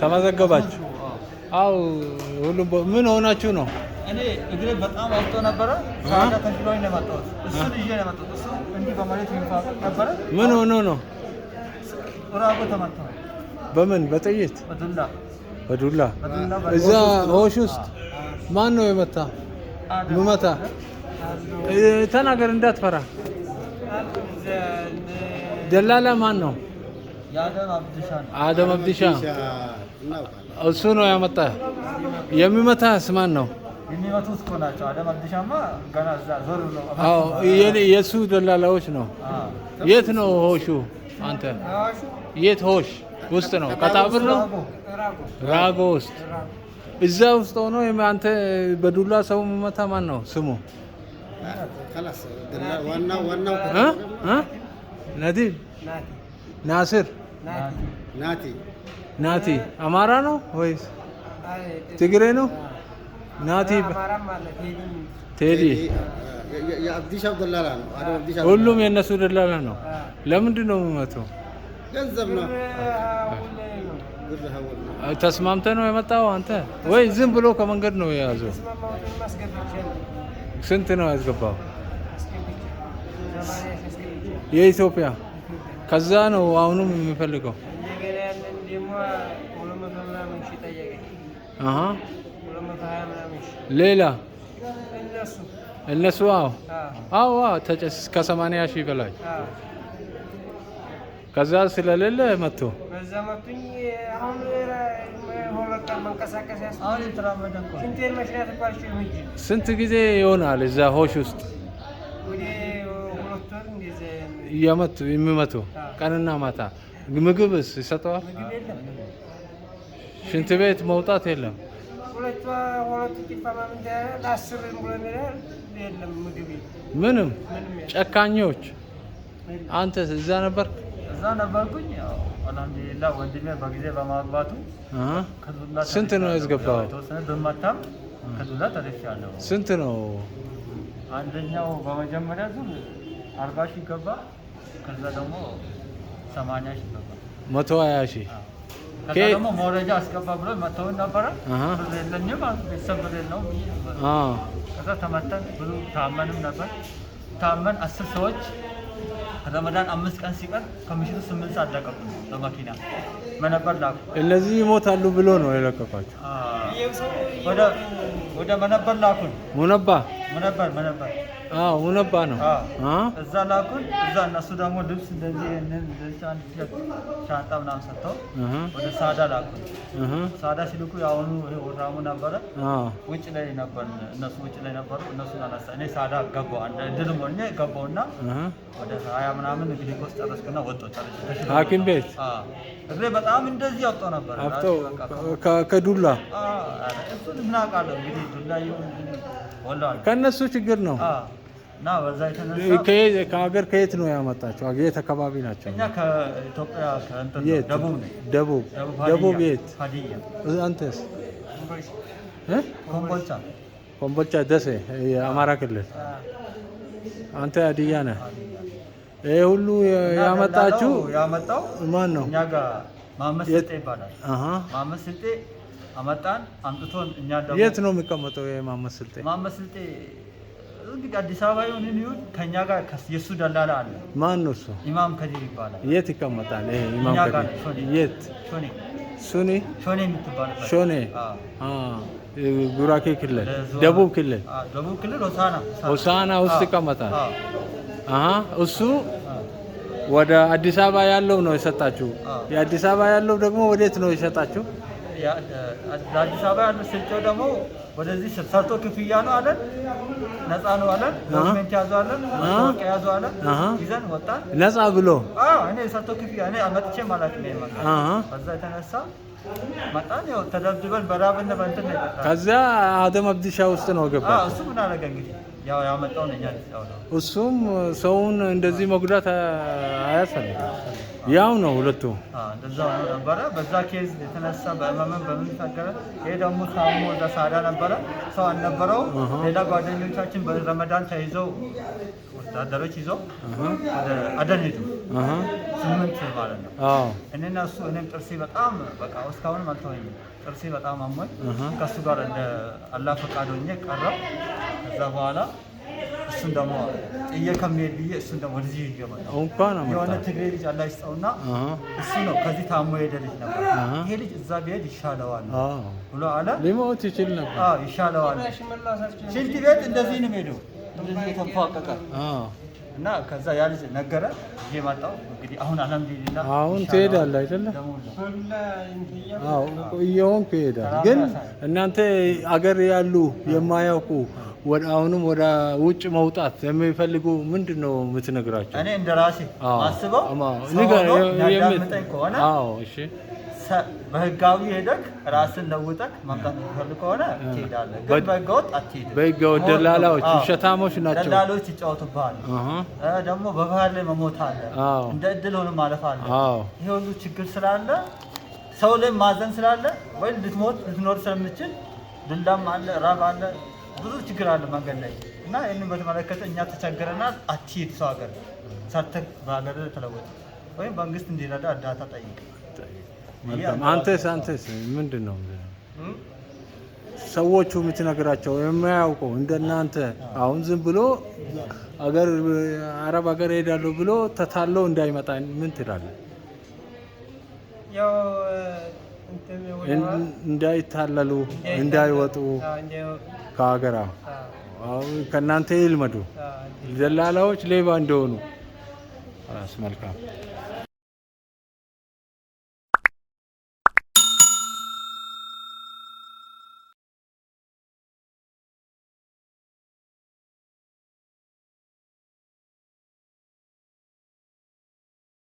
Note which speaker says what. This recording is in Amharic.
Speaker 1: ተመዘገባችሁ? አው ሁሉ ምን ሆናችሁ ነው?
Speaker 2: እኔ እግሬ በጣም አብጦ ነበረ። ሳካ ተሽሎኝ ነው የመጣሁት። እሱን ይዤ ነው የመጣሁት። እሱ እንዲህ በማለት ይንፋቅ ነበረ። ምን ሆኖ ነው? ራቦ ተመታ።
Speaker 1: በምን? በጥይት በዱላ በዱላ። እዛ ሆሽ ውስጥ ማን ነው የመታ? ምመታ ተናገር፣ እንዳትፈራ። ደላላ ማን ነው? አደም አብዲሻ እሱ ነው ያመጣ። የሚመታ ስማን ነው
Speaker 2: የሚመቱት እኮ ናቸው። አደም አብዲሻማ ገና እዛ ዞር ብሎ
Speaker 1: አዎ፣ የሱ ደላላዎች ነው። የት ነው ሆሹ? አንተ የት ሆሽ ውስጥ ነው? ከጣብር ነው ራጎ ውስጥ እዛ ውስጥ ሆኖ አንተ በዱላ ሰው መመታ ማን ነው ስሙ? ናዲር ናስር ናቲ ናቲ አማራ ነው ወይስ ትግሬ ነው? ናቲ ቴዲ
Speaker 2: የአብዲሻው ደላላ ነው።
Speaker 1: ሁሉም የእነሱ ደላላ ነው። ለምንድን ነው የምመተው? ገንዘብ ነው። ተስማምተህ ነው የመጣው አንተ ወይ ዝም ብሎ ከመንገድ ነው የያዘው? ስንት ነው ያስገባው? የኢትዮጵያ ከዛ ነው አሁኑም የሚፈልገው ሌላ እነሱ አዎ አዎ ተጨስ ከሰማንያ ሺህ በላይ ከዛ ስለሌለ መጥቶ ስንት ጊዜ ይሆናል እዛ ሆሽ ውስጥ የመቱ የሚመቱ ቀንና ማታ ምግብ ይሰጠዋል። ሽንት ቤት መውጣት የለም። ምንም ጨካኞች። አንተ እዛ ነበር
Speaker 2: እዛ ነበርኩኝ። አልሐምዱሊላ ወንድሜ በጊዜ በማግባቱ
Speaker 1: ስንት ነው ያስገባው?
Speaker 2: ብመታም ከዱላ ተደፍቻለሁ። ስንት ነው? አንደኛው በመጀመሪያ ዙር አርባ ሺህ ገባ። ከዛ ደግሞ ሰማንያ ገባ። መቶ ሀያ ከዛ ደግሞ መውረጃ አስገባ ብሎ መተው ነበረ። ብር የለኝም ቤተሰብ ብር ከዛ ተመተን ብዙ ታመንም ነበር። ታመን አስር ሰዎች ረመዳን አምስት ቀን ሲቀር ከምሽቱ ስምንት ሰዓት ለቀቁ በመኪና መነበር ላኩ።
Speaker 1: እነዚህ ይሞታሉ ብሎ ነው የለቀቋቸው።
Speaker 2: ወደ መነበር ላኩን። ሙነባ መነበር መነበር
Speaker 1: አዎ ሙነባ ነው።
Speaker 2: እዛ ላኩን። እዛ እነሱ ደግሞ ልብስ እንደዚህ ሻንጣ ምናምን ሰጥተው ወደ ሳዳ ላኩን። ሳዳ ሲልኩ የአሁኑ ወራሙ ነበረ። ውጭ ላይ ነበር፣ እነሱ ውጭ ላይ ነበሩ። እነሱ አነሳ። እኔ ሳዳ ገባሁ። ድል ሆኜ ገባሁና ወደ ሀያ ምናምን ግሊኮስ ጨረስኩና ወጣሁ። ሐኪም ቤት እግሬ በጣም እንደዚህ ያውጣ ነበር።
Speaker 1: አፍተው ከዱላ
Speaker 2: እሱን እናውቃለን። እንግዲህ ዱላ
Speaker 1: ይሁን ከእነሱ ችግር ነው። እና በዛ የተነሳ ከሀገር ከየት ነው ያመጣቸው? የት አካባቢ ናቸው? እኛ
Speaker 2: ከኢትዮጵያ
Speaker 1: ደቡብ ነው። ደቡብ ደቡብ የት? አንተስ? ኮምቦልቻ። ኮምቦልቻ ደሴ፣ የአማራ ክልል። አንተ ሀዲያ ነህ? ይሄ ሁሉ ያመጣችሁ ያመጣው ማን ነው? እኛ
Speaker 2: ጋር ማመስ ስልጤ ይባላል። ማመስ ስልጤ አመጣን። አምጥቶን እኛ ደግሞ
Speaker 1: የት ነው የሚቀመጠው? ይሄ ማመስ ስልጤ
Speaker 2: ማመስ ስልጤ እንግዲህ አዲስ አበባ ይሁን ይሁን ከኛ ጋር የሱ ደላላ አለ። ማን ነው እሱ? ኢማም ከዲር ይባላል።
Speaker 1: የት ይቀመጣል? ይሄ ኢማም ከዲር የት? ሾኔ ሱኒ
Speaker 2: ሾኔ የምትባል
Speaker 1: ሾኔ ጉራኬ ክልል፣ ደቡብ ክልል፣
Speaker 2: ደቡብ ክልል ሆሳና
Speaker 1: ሆሳና ውስጥ ይቀመጣል። እሱ ወደ አዲስ አበባ ያለው ነው የሰጣችሁ። የአዲስ አበባ ያለው ደግሞ ወዴት ነው የሰጣችሁ?
Speaker 2: አዲስ አበባ ያለው ስልጠው ደግሞ ወደዚህ ሰርቶ ክፍያ ነው አለን። ነፃ ነው አለን። ዶክመንት ያዙ አለን። ወቅ ያዙ አለን። ይዘን ወጣን። ነፃ ብሎ እኔ ሰርቶ ክፍያ እኔ መጥቼ ማለት ነው ከዛ የተነሳ ተደብድበን በራብና በእንትን
Speaker 1: ከዛ አደም አብዲሻ ውስጥ ነው ገባ።
Speaker 2: እሱ ምን አደረገ እንግዲህ ያው ያመጣው ነው።
Speaker 1: እሱም ሰውን እንደዚህ መጉዳት አያስፈልግም። ያው ነው ሁለቱ
Speaker 2: እንደዛ ሆኖ ነበረ። በዛ ኬዝ የተነሳ በህመምን በምን ታገረ። ይሄ ደግሞ ታሞ እዛ ሳዳ ነበረ፣ ሰው አልነበረው። ሌላ ጓደኞቻችን በረመዳን ተይዘው ወታደሮች ይዘው አደን ሄዱ። ስምንት ማለት ነው። እኔና እሱ እኔም ጥርሴ በጣም በቃ እስካሁንም አልተወኝም። ጥርሴ በጣም አሞኝ ከእሱ ጋር እንደ አላህ ፈቃድ ሆኜ ቀረው። ከዛ በኋላ እሱን ደግሞ ጥዬ ከሚሄድ ብዬ እሱን ደግሞ ልጅ
Speaker 1: የሆነ
Speaker 2: ትግሬ ልጅ አላህ ይስጠውና እሱ ነው ከዚህ ታሞ ሄደ ልጅ
Speaker 1: ነበር። ይሄ
Speaker 2: ልጅ እዛ ቢሄድ ይሻለዋል ብሎ አለ።
Speaker 1: ሊሞት ይችል ነበር።
Speaker 2: አዎ ይሻለዋል። ሽንት ቤት እንደዚህ ነው ሄደው እንደዚህ የተንፏቀቀ እና ከዛ ያ ልጅ ነገረ ጊዜ ማጣው እንግዲህ አሁን አልሐምዱሊላህ
Speaker 1: አሁን ትሄዳለህ አይደለ? አዎ እየሆንክ ይሄዳል። ግን እናንተ አገር ያሉ የማያውቁ ወደ አሁንም ወደ ውጭ መውጣት የሚፈልጉ ምንድን ነው የምትነግራቸው?
Speaker 2: እኔ እንደ ራሴ አስበው ከሆነ በህጋዊ ሄደክ ራስን ለውጠክ መምጣት የምትፈልግ ከሆነ ትሄዳለህ። ግን በህገወጥ አትሄድም።
Speaker 1: በህገወጥ ደላላዎች፣ ውሸታሞች ናቸው።
Speaker 2: ደላሎች ይጫወቱብሃል። ደግሞ በባህር ላይ መሞት አለ፣ እንደ እድል ሆኖ ማለፍ አለ። ይሄ ሁሉ ችግር ስላለ ሰው ላይ ማዘን ስላለ ወይ ልትሞት ልትኖር ስለምችል ድንዳም አለ፣ ራብ አለ ብዙ ችግር አለ መንገድ ላይ እና ይህንን በተመለከተ እኛ ተቸግረናል። አትሄድ ሰው ሀገር ሳተግ በሀገር ተለወጥ ወይም መንግስት እንዲረዳ እርዳታ ጠይቅ።
Speaker 1: አንተስ አንተስ ምንድን ነው ሰዎቹ የምትነግራቸው የማያውቀው እንደናንተ አሁን ዝም ብሎ አገር አረብ ሀገር ሄዳለሁ ብሎ ተታለው እንዳይመጣ ምን ትላለህ? እንዳይታለሉ እንዳይወጡ ከሀገራ ከእናንተ ይልመዱ። ደላላዎች ሌባ እንደሆኑ መልካም